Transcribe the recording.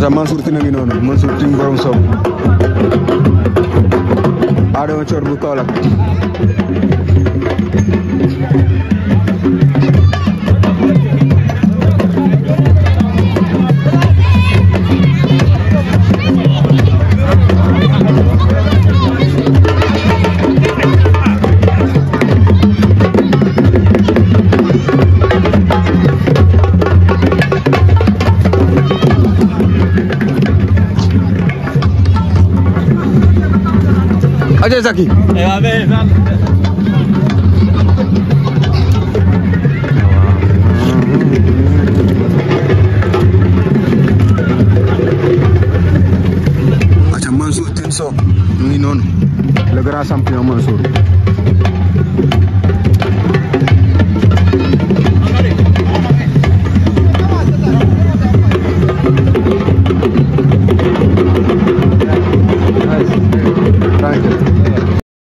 sax Mansour Tine a ngi noonu Mansour Tine borom Sow Adama Thior bu Kaolack Aja Zaki. Eh, Aja Mansour Tenso mu ngi noonu le grand champion Mansour. Thank you.